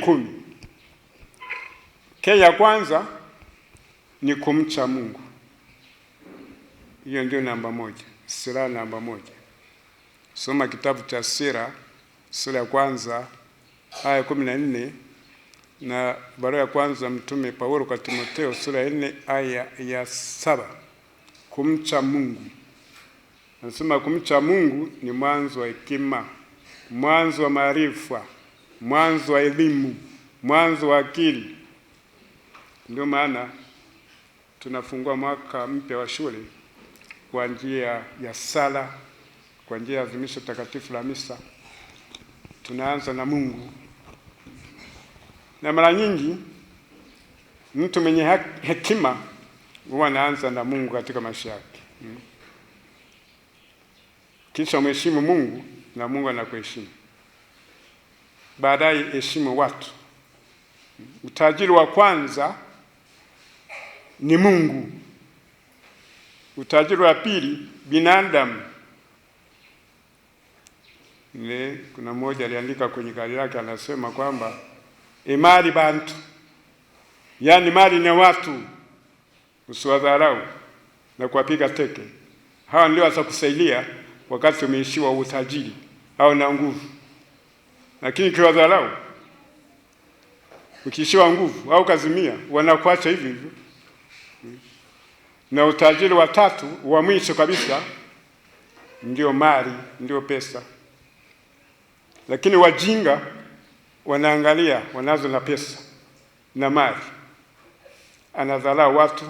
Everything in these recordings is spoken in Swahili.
kumi. K ya kwanza ni kumcha Mungu, hiyo ndio namba moja, silaha namba moja. Soma kitabu cha Sira sura ya kwanza aya kumi na nne na barua ya kwanza Mtume Paulo kwa Timotheo sura ya nne aya ya saba. Kumcha Mungu, anasema kumcha Mungu ni mwanzo wa hekima, mwanzo wa maarifa mwanzo wa elimu, mwanzo wa akili. Ndio maana tunafungua mwaka mpya wa shule kwa njia ya sala, kwa njia ya adhimisho takatifu la misa. Tunaanza na Mungu, na mara nyingi mtu mwenye hekima huwa anaanza na Mungu katika maisha yake hmm. Kisha mheshimu Mungu na Mungu anakuheshimu baadaye heshimu watu. Utajiri wa kwanza ni Mungu. Utajiri wa pili binadamu. Ne, kuna mmoja aliandika kwenye gari lake anasema kwamba imali bantu, yaani mali na watu usiwadharau na kuwapiga teke. Hawa ndio watakusaidia wakati umeishiwa utajiri au na nguvu lakini ukiwadharau, ukiishiwa nguvu au kazimia, wanakuacha hivi hivyo. Na utajiri wa tatu wa mwisho kabisa ndio mali, ndio pesa, lakini wajinga wanaangalia wanazo na pesa na mali, anadharau watu,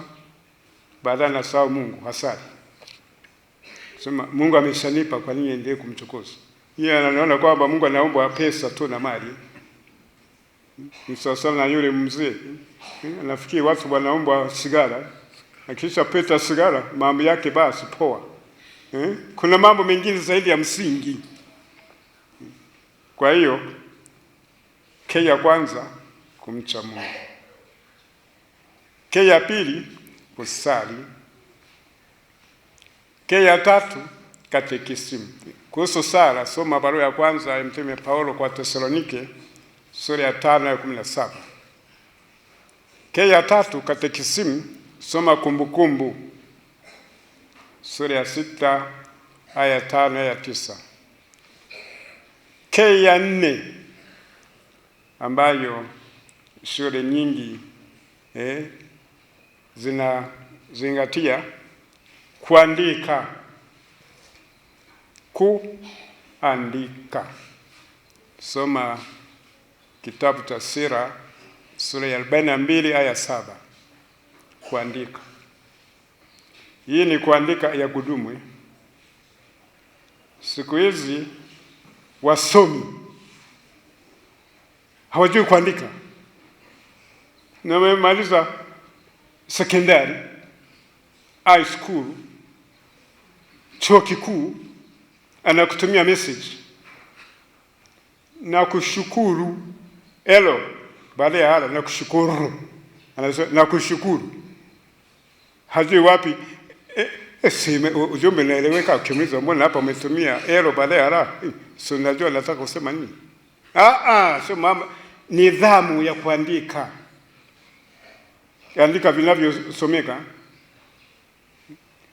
baadaye anasahau Mungu. hasari sema Mungu ameshanipa, kwa nini endelee kumchokoza? yeye anaona kwamba Mungu anaomba pesa tu na mali, msawasawa na yule mzee anafikiri watu wanaomba sigara, akisha peta sigara mambo yake basi poa. Eh? Kuna mambo mengine zaidi ya msingi. Kwa hiyo ke ya kwanza kumcha Mungu, ke ya pili kusali, ke ya tatu katekisimu kuhusu Sara, soma barua ya kwanza ya Mtume Paulo kwa Tesalonike sura ya tano ya kumi na saba. K ya tatu, katekisimu, soma Kumbukumbu sura ya sita aya ya tano aya ya tisa. K ya nne ambayo shule nyingi eh, zinazingatia kuandika kuandika. Soma kitabu cha Sira sura ya 42 aya saba. Kuandika hii ni kuandika ya kudumu. Siku hizi wasomi hawajui kuandika, na sekondari, high school, chuo kikuu anakutumia message na kushukuru elo, baada ya hala nakushukuru, nakushukuru, hajui wapi e, e, ujumbe naeleweka. Ukimuuliza mbona hapa umetumia elo baada ya hala, si unajua nataka kusema nini? Ah, ah, sio mama, nidhamu ya kuandika, andika vinavyosomeka.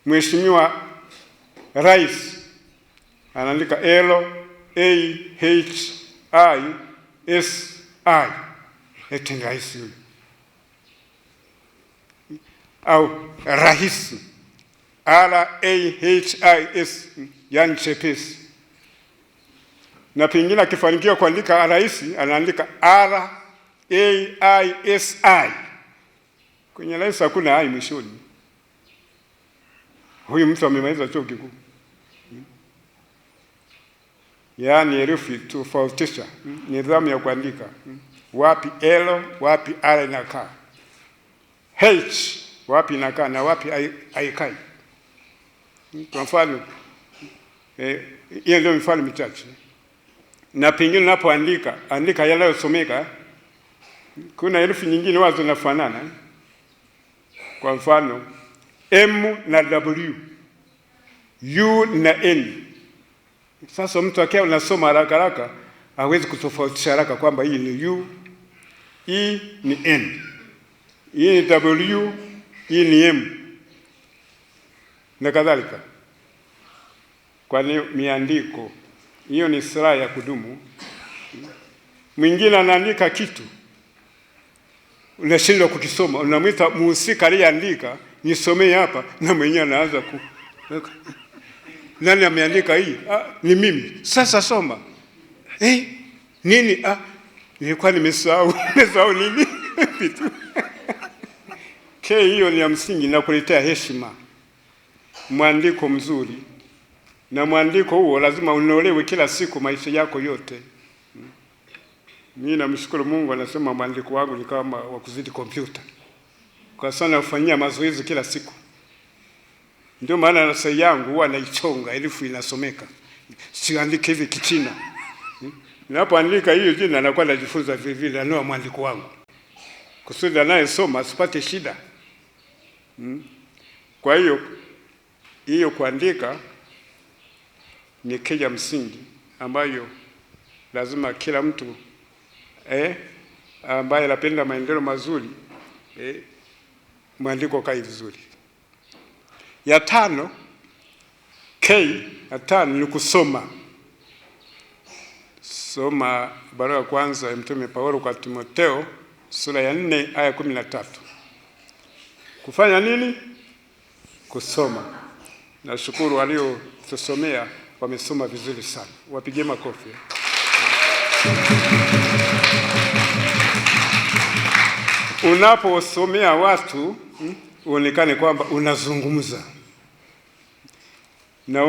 Mheshimiwa Rais anaandika L A H I S I, eti rahisi au rahisi R A H I S, yani chepesi. Na pengine akifanikiwa kuandika rahisi anaandika R A I S I. Kwenye rahisi hakuna ai mwishoni. Huyu mtu amemaliza chuo kikuu yaani herufi tofautisha, nidhamu ya kuandika, wapi L, wapi R inakaa, H wapi inakaa na wapi haikai. Kwa mfano eh, hiyo, ndio mifano michache, na pengine unapoandika andika yanayosomeka. Kuna herufi nyingine wazo zinafanana, kwa mfano M na W, U na N sasa mtu akiwa anasoma haraka haraka hawezi kutofautisha haraka kwamba hii ni u, hii e ni n, hii e ni w, hii e ni m na kadhalika, ni miandiko hiyo ni silaha ya kudumu. Mwingine anaandika kitu unashindwa kukisoma, unamwita muhusika aliyeandika, nisomee hapa, na mwenyewe anaanza ku nani ameandika hii? Ah, ni mimi. Sasa soma. Eh, nini? Ah, nilikuwa nimesahau. Nimesahau nini? Vitu. Ke hiyo ni ya msingi na kuletea heshima. Mwandiko mzuri. Na mwandiko huo lazima unolewe kila siku maisha yako yote. Mimi namshukuru Mungu, anasema mwandiko wangu ni kama wa kuzidi kompyuta. Kwa sana ufanyia mazoezi kila siku. Ndio maana nasai yangu huwa naichonga, herufi inasomeka, siandike hivi Kichina. Ninapoandika hiyo jina nakuwa najifunza vile vile, anao mwandiko wangu kusudi anayesoma asipate shida. Hmm? Kwa hiyo hiyo kuandika ni keja msingi ambayo lazima kila mtu eh, ambaye anapenda maendeleo mazuri eh, mwandiko kai vizuri. Ya tano K ya tano ni kusoma. Soma barua ya kwanza ya Mtume Paulo kwa Timotheo sura ya nne aya kumi na tatu. Kufanya nini? Kusoma. Nashukuru waliotusomea wamesoma vizuri sana, wapigie makofi. Unaposomea watu hmm, uonekane kwamba unazungumza na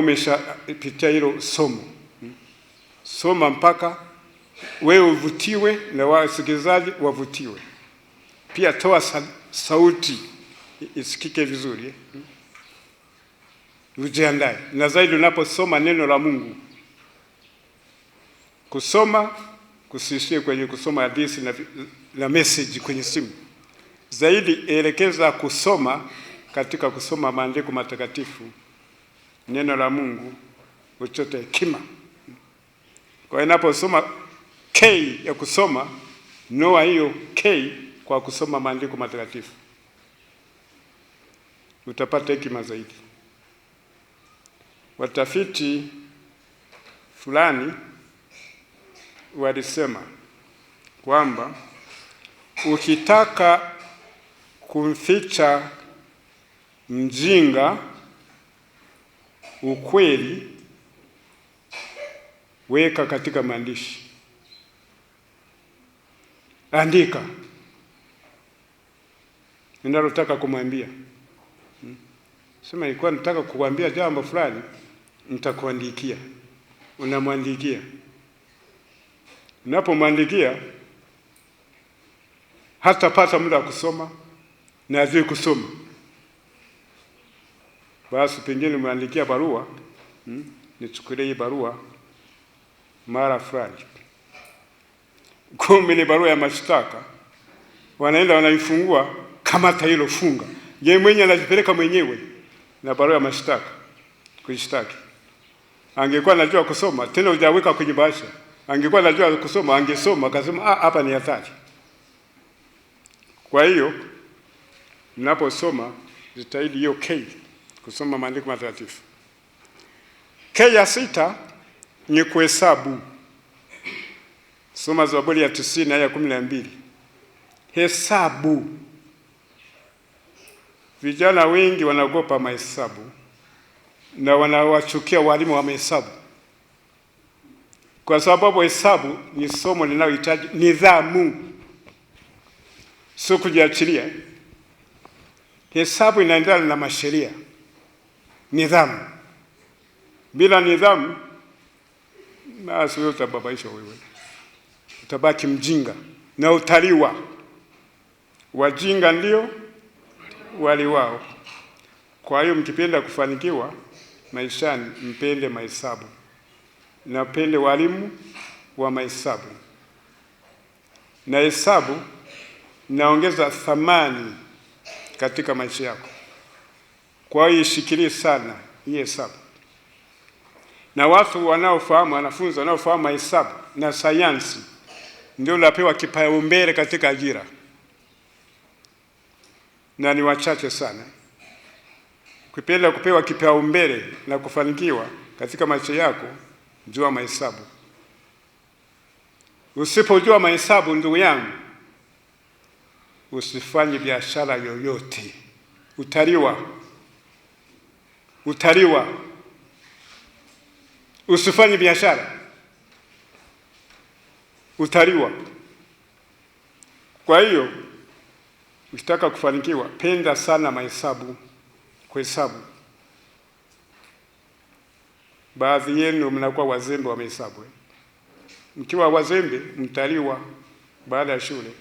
pitia hilo somo. Soma mpaka wewe uvutiwe na wasikilizaji wavutiwe pia. Toa sa sauti isikike vizuri, ujiandae na zaidi unaposoma neno la Mungu. Kusoma kusishie kwenye kusoma hadithi na, na message kwenye simu, zaidi elekeza kusoma katika kusoma maandiko matakatifu neno la Mungu uchote hekima. Kwa inaposoma K ya kusoma, noa hiyo K kwa kusoma maandiko matakatifu utapata hekima zaidi. Watafiti fulani walisema kwamba ukitaka kumficha mjinga ukweli, weka katika maandishi, andika ninalotaka kumwambia. Hmm? Sema ilikuwa nataka kukuambia jambo fulani, nitakuandikia. Unamwandikia, unapomwandikia hatapata muda wa kusoma na azii kusoma basi pengine umeandikia barua hmm, nichukulie hii barua mara fulani. Kumbe ni barua ya mashtaka, wanaenda wanaifungua, kamata hilo, funga. Yeye mwenye anajipeleka mwenyewe na barua ya mashtaka kuishtaki. Angekuwa anajua kusoma, tena hujaweka kwenye bahasha, angekuwa anajua kusoma, angesoma akasema, ah, hapa ni hatari. Kwa hiyo mnaposoma, jitahidi hiyo kei kusoma maandiko matakatifu. K ya sita ni kuhesabu. Soma Zaburi ya tisini aya ya kumi na mbili. Hesabu. Vijana wengi wanaogopa mahesabu na wanawachukia walimu wa mahesabu, kwa sababu hesabu ni somo linalohitaji nidhamu, sio kujiachilia. Hesabu inaendana na masheria nidhamu. Bila nidhamu, basi wewe utababaisha wewe utabaki mjinga na utaliwa. Wajinga ndio wali wao. Kwa hiyo mkipenda kufanikiwa maishani, mpende mahesabu na walimu wa mahesabu, na hesabu naongeza thamani katika maisha yako. Kwa hiyo ishikilie sana hii hesabu, na watu wanaofahamu, wanafunzi wanaofahamu hesabu na sayansi ndio unapewa kipaumbele katika ajira, na ni wachache sana kipenda kupewa kipaumbele na kufanikiwa katika maisha yako. Jua mahesabu. Usipojua mahesabu, ndugu yangu, usifanye biashara yoyote, utaliwa utaliwa, usifanye biashara, utaliwa. Kwa hiyo ukitaka kufanikiwa, penda sana mahesabu, kuhesabu. Baadhi yenu mnakuwa wazembe wa mahesabu. Mkiwa wazembe, mtaliwa baada ya shule.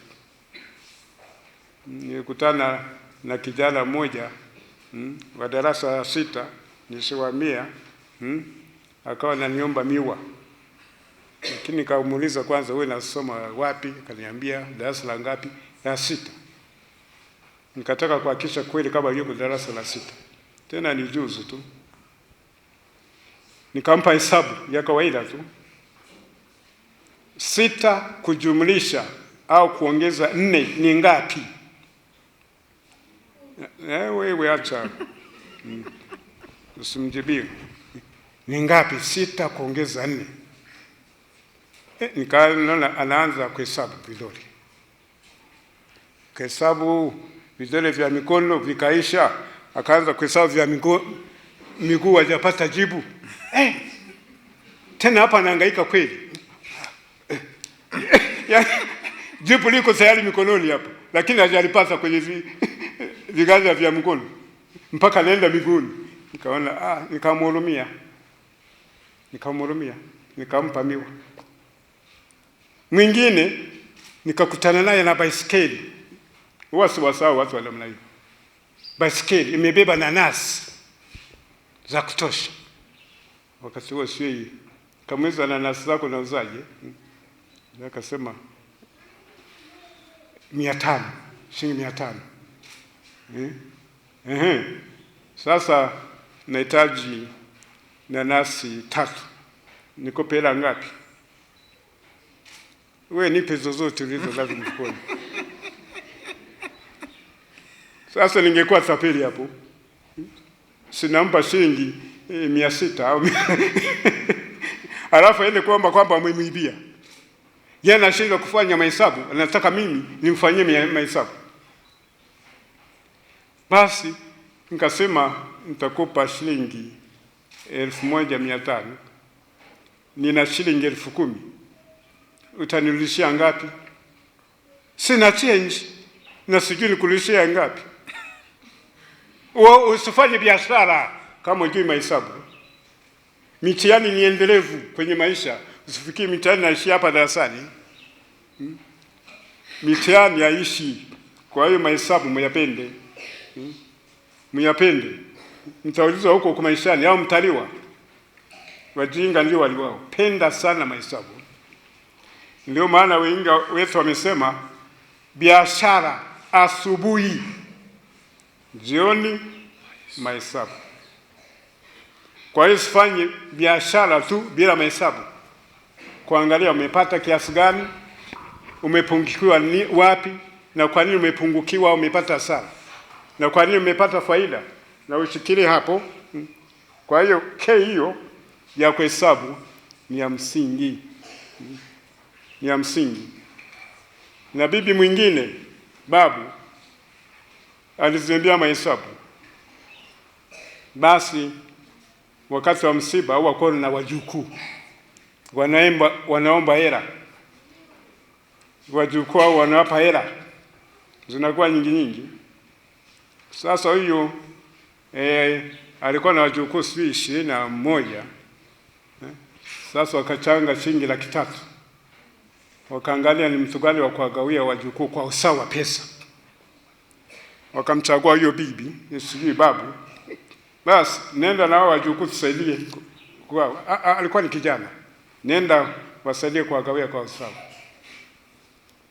Nilikutana na kijana mmoja Hmm? wa darasa la sita nisiwamia hmm, akawa ananiomba miwa, lakini nikamuuliza kwanza, wewe nasoma wapi? Akaniambia darasa la ngapi? La sita. Nikataka kuhakikisha kweli kama yuko darasa la sita, tena ni juzi tu. Nikampa hesabu ya kawaida tu, sita kujumlisha au kuongeza nne ni ngapi? Eh, wewe acha mm. usimjibie. Ni ngapi? Sita kuongeza nne. Eh, nikaona anaanza kuhesabu vidole, kuhesabu vidole vya mikono vikaisha, akaanza kuhesabu vya miguu, hajapata jibu eh. Tena hapa anahangaika kweli eh, eh, jibu liko tayari mikononi hapa, lakini hajalipata kwenye viganja vya mguu mpaka nenda miguuni. Nikaona ah, nikamhurumia, nikamhurumia, nikampa miwa. Mwingine nikakutana naye na baisikeli, huwa siwasahau watu wa namna hiyo. Baisikeli imebeba nanasi za kutosha, wakati huo sio hii. kamweza nanasi zako nauzaje? Akasema mia tano, shilingi mia tano eh? Eh. Sasa nahitaji nanasi tatu, niko pela ngapi? We nipe zozote ulizo nazo mfukoni. Sasa ningekuwa tapeli hapo, sinampa shilingi eh, mia sita au alafu aende kuomba kwamba amemwibia, yeye anashindwa kufanya mahesabu, anataka mimi nimfanyie mahesabu. Basi nikasema nitakopa shilingi elfu moja mia tano nina shilingi elfu kumi utanirudishia ngapi? Sina change na sijui nikurudishia ngapi. Usifanye biashara kama ujui mahesabu. Mitihani ni endelevu kwenye maisha, usifikie mitihani naishi hapa darasani hmm? Mitihani haishi. Kwa hiyo mahesabu muyapende hmm? Mnyapende mtaulizwa huko huko maishani au mtaliwa. Wajinga ndio waliwao, penda sana mahesabu. Ndio maana wengi wetu wamesema biashara asubuhi, jioni mahesabu. Kwa hiyo sifanye biashara tu bila mahesabu, kuangalia umepata kiasi gani, umepungukiwa wapi, na kwa nini umepungukiwa au umepata hasara na kwa nini mmepata faida, na ushikilie hapo. Kwa hiyo k hiyo ya kuhesabu ni ya msingi, ni ya msingi. Na bibi mwingine babu alizimbia mahesabu, basi wakati wa msiba au wako na wajukuu wanaomba wanaomba hela, wajukuu wanawapa hela, zinakuwa nyingi nyingi sasa huyu eh, alikuwa na wajukuu sijui ishirini na mmoja eh? Sasa wakachanga shilingi laki tatu wakaangalia ni mtu gani wa kuwagawia wajukuu kwa usawa pesa, wakamchagua hiyo bibi eh, sijui babu, basi nenda na wajukuu tusaidie. Alikuwa ni kijana, nenda wasaidie kuwagawia kwa usawa.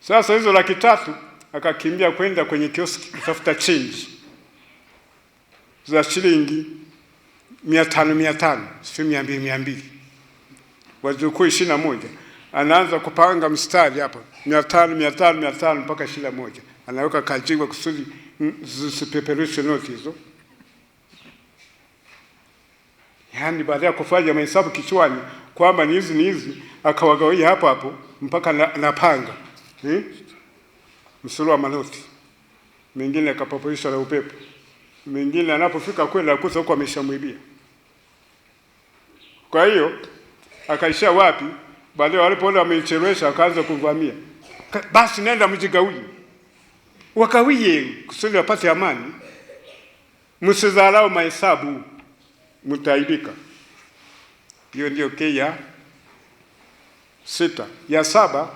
Sasa hizo laki tatu akakimbia kwenda kwenye kioski kutafuta change za shilingi mia tano mia tano sio mia mbili mia mbili wazukuu ishirini na moja anaanza kupanga mstari hapo mia tano mia tano mia tano mpaka ishirini na moja anaweka kajingwa kusudi zisipeperushe noti hizo. Yaani, baada ya kufanya mahesabu kichwani kwamba ni hizi ni hizi, akawagawia hapo hapo mpaka anapanga na eh, msuru wa manoti mengine akapeperusha na upepo mwingine anapofika kwenda akuta huko ameshamwibia. Kwa hiyo akaishia wapi? Baadaye walipoona wamechelewesha, akaanza kuvamia, basi nenda mjigawie, wakawie kusudi wapate amani. Msizarau mahesabu, mtaibika. Hiyo ndio kei ya sita. Ya saba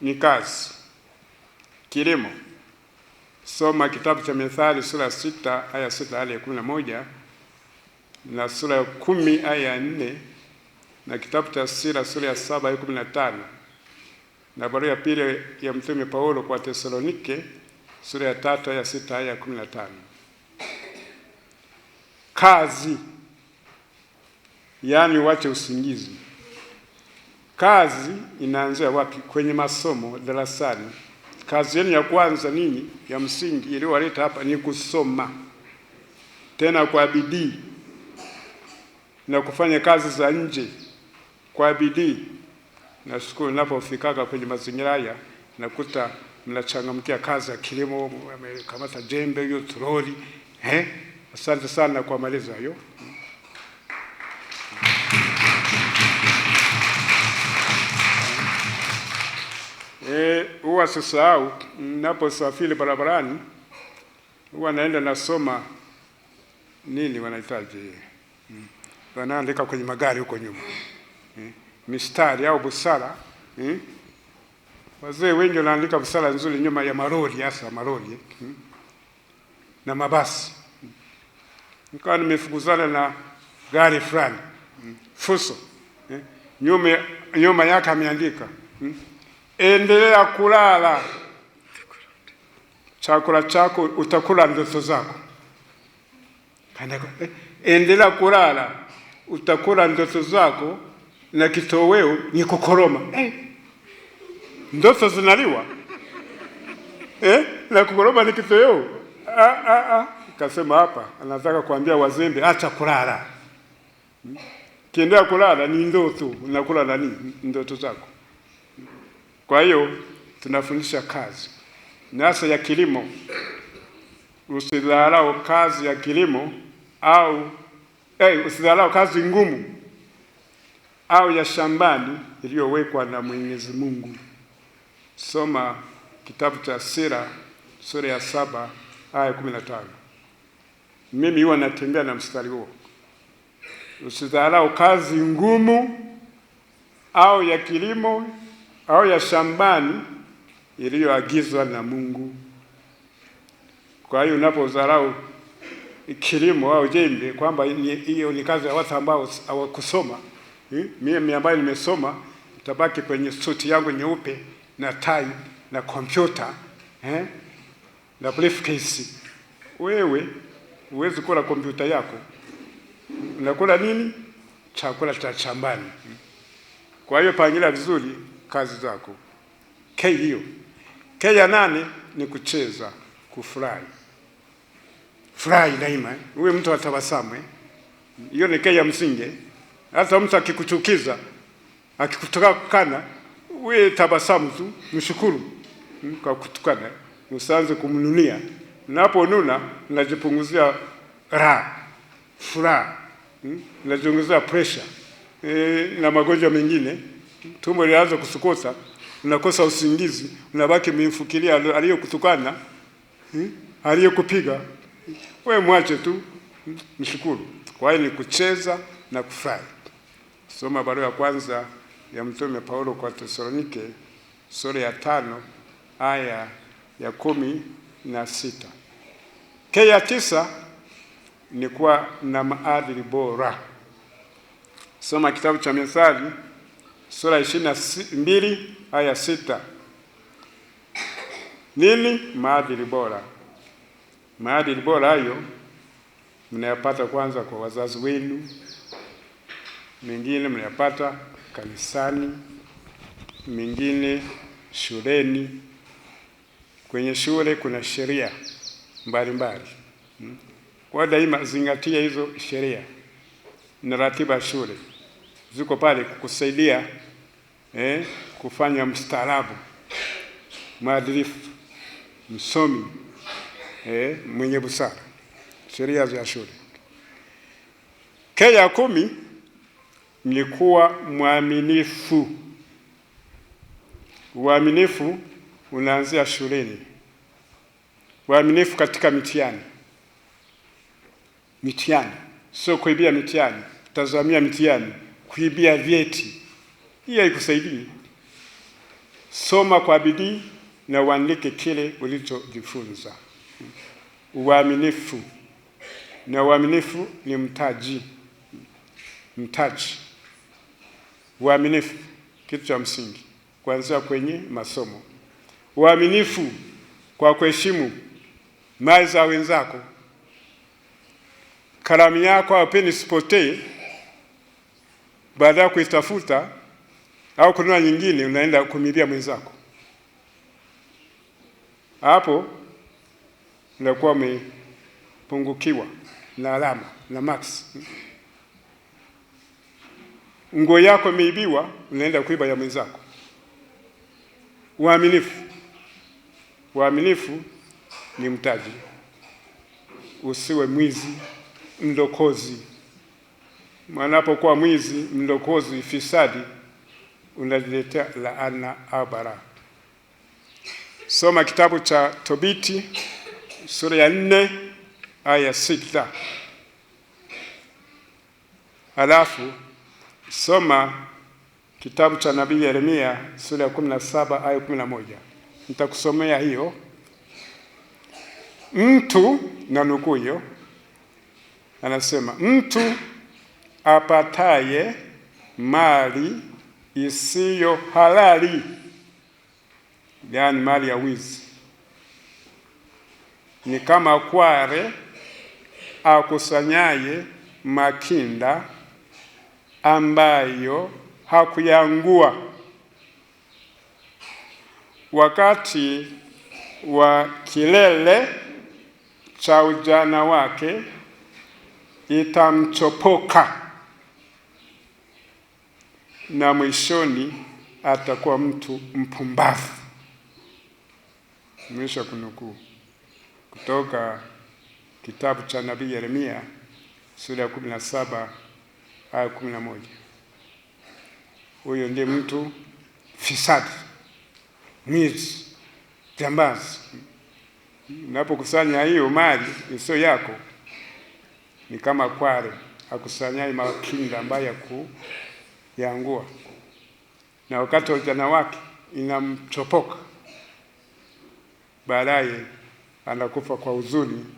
ni kazi, kilimo. Soma kitabu cha Methali sura ya sita aya sita hadi ya kumi na moja na sura ya kumi aya ya nne na kitabu cha Sira sura ya saba aya kumi na tano na barua ya pili ya Mtume Paulo kwa Tesalonike sura ya tatu aya sita aya ya kumi na tano. Kazi yaani, wache usingizi. Kazi inaanzia wapi? Kwenye masomo darasani kazi yenu ya kwanza nini ya msingi iliyowaleta hapa ni kusoma, tena kwa bidii na kufanya kazi za nje kwa bidii. Nashukuru ninapofikaka kwenye mazingira haya nakuta mnachangamkia kazi ya kilimo, amekamata jembe hiyo, toroli. Eh, asante sana kwa maelezo hayo. E, huwa e, sisahau ninaposafiri barabarani, huwa naenda nasoma nini wanahitaji hmm. Wanaandika kwenye magari huko nyuma hmm. Mistari au busara hmm. Wazee wengi wanaandika busara nzuri nyuma ya maroli, hasa maroli hmm. na mabasi hmm. Nikawa nimefukuzana na gari fulani hmm. Fuso hmm. Nyuma, nyuma yake ameandika hmm endelea kulala, chakula chako utakula ndoto zako. Eh, endelea kulala, utakula ndoto zako, na kitoweo ni kukoroma eh. Ndoto zinaliwa eh? na kukoroma ni kitoweo ah, ah, ah. Kasema hapa anataka kuambia wazembe, acha kulala. Hmm? Kiendelea kulala ni ndoto, unakula nani? Ndoto zako. Kwa hiyo tunafundisha kazi nasa ya kilimo. Usidharau kazi ya kilimo au hey, usidharau kazi ngumu au ya shambani iliyowekwa na Mwenyezi Mungu. Soma kitabu cha Sira sura ya saba aya kumi na tano. Mimi huwa natembea na mstari huo. Usidharau kazi ngumu au ya kilimo au ya shambani iliyoagizwa na Mungu. Kwa hiyo unapozarau kilimo au jembe kwamba hiyo ni kazi ya watu ambao hawakusoma, mimi eh, mimi ambaye nimesoma tabaki kwenye suti yangu nyeupe na tai na kompyuta eh, na briefcase. Wewe huwezi kula kompyuta yako, unakula nini? Chakula cha shambani. Kwa hiyo pangila vizuri kazi zako. K hiyo K ya nane ni kucheza, kufurahi, furahi daima, huyo eh. mtu atabasamu. Eh. Hiyo ni K ya msingi. Hata mtu akikuchukiza, akikutukana, wewe tabasamu tu, mshukuru hmm, kwa kutukana, usianze kumnunia. Unaponuna najipunguzia raha, furaha, unajipunguzia hmm, pressure e, na magonjwa mengine tumbo lianza kusukosa, unakosa usingizi, unabaki mimfukilia aliyokutukana, hmm? aliyokupiga we, mwache tu, mshukuru. Hmm? Kwa hiyo ni kucheza na kufurahi. Soma barua ya kwanza ya Mtume Paulo kwa Tesalonike sura ya tano aya ya kumi na sita. K ya tisa ni kuwa na maadili bora. Soma kitabu cha Methali sura ishirini na mbili aya sita. Nini? Maadili bora. Maadili bora hayo mnayapata kwanza kwa wazazi wenu, mengine mnayapata kanisani, mengine shuleni. Kwenye shule kuna sheria mbalimbali, hmm? kwa daima zingatia hizo sheria na ratiba shule ziko pale kukusaidia eh, kufanya mstaarabu, mwadilifu, msomi eh, mwenye busara, sheria za shule. Kenya kumi ni kuwa mwaminifu. Uaminifu unaanzia shuleni, uaminifu katika mitihani. Mitihani sio kuibia mitihani, tazamia mitihani kuibia vyeti. Hii haikusaidii. Soma kwa bidii na uandike kile ulichojifunza. Uaminifu, na uaminifu ni mtaji, mtaji. Uaminifu kitu cha msingi, kuanzia kwenye masomo. Uaminifu kwa kuheshimu mali za wenzako. Kalamu yako peni sipotee baada ya kuitafuta au kununua nyingine, unaenda kumilia mwenzako, hapo unakuwa umepungukiwa na alama na max. Nguo yako imeibiwa, unaenda kuiba ya mwenzako. Uaminifu, uaminifu ni mtaji. Usiwe mwizi, mdokozi mwanapokuwa mwizi, mlokozi, fisadi, unaliletea laana au bara. Soma kitabu cha Tobiti sura ya nne aya sita halafu soma kitabu cha nabii Yeremia sura ya kumi na saba aya kumi na moja Nitakusomea hiyo mtu na nukuu hiyo, anasema mtu apataye mali isiyo halali, yani mali ya wizi. Ni kama kware akusanyaye makinda ambayo hakuyangua wakati wa kilele cha ujana wake itamchopoka na mwishoni atakuwa mtu mpumbavu. Mwisho kunukuu kutoka kitabu cha nabii Yeremia sura ya kumi na saba aya kumi na moja. Huyo ndiye mtu fisadi, mwizi, jambazi. Unapokusanya hiyo mali isiyo yako, ni kama kware akusanyaye makinda ambaye ku yaangua, na wakati wa ujana wake inamchopoka, baadaye anakufa kwa huzuni.